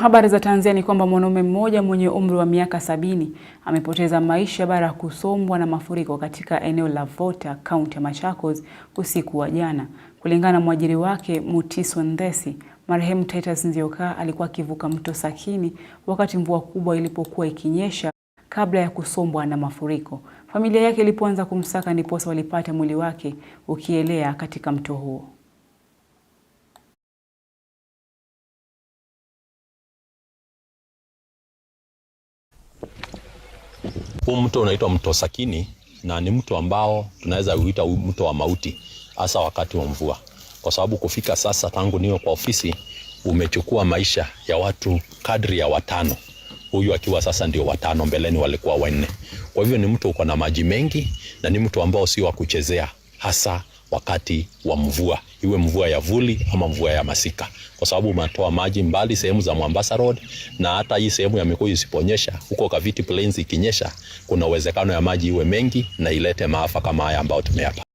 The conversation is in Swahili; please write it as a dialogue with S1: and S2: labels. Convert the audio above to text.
S1: habari za Tanzania ni kwamba mwanaume mmoja mwenye umri wa miaka sabini amepoteza maisha baada ya kusombwa na mafuriko katika eneo la Vota, kaunti ya Machakos usiku wa jana. Kulingana na mwajiri wake Mutiso Ndesi, marehemu Titus Nzioka alikuwa akivuka mto Sakini wakati mvua kubwa ilipokuwa ikinyesha kabla ya kusombwa na mafuriko. Familia yake ilipoanza kumsaka ndiposa walipata mwili wake ukielea katika mto huo.
S2: Huu mto unaitwa mto Sakini na ni mto ambao tunaweza kuita mto wa mauti, hasa wakati wa mvua, kwa sababu kufika sasa, tangu niwe kwa ofisi, umechukua maisha ya watu kadri ya watano, huyu akiwa sasa ndio watano, mbeleni walikuwa wanne. Kwa hivyo ni mto uko na maji mengi na ni mto ambao si wa kuchezea hasa wakati wa mvua, iwe mvua ya vuli ama mvua ya masika, kwa sababu umetoa maji mbali sehemu za Mombasa Road, na hata hii sehemu ya Mikuyu isiponyesha, huko Kaviti Plains ikinyesha, kuna uwezekano ya maji iwe mengi na ilete maafa kama haya ambayo tumeyapa.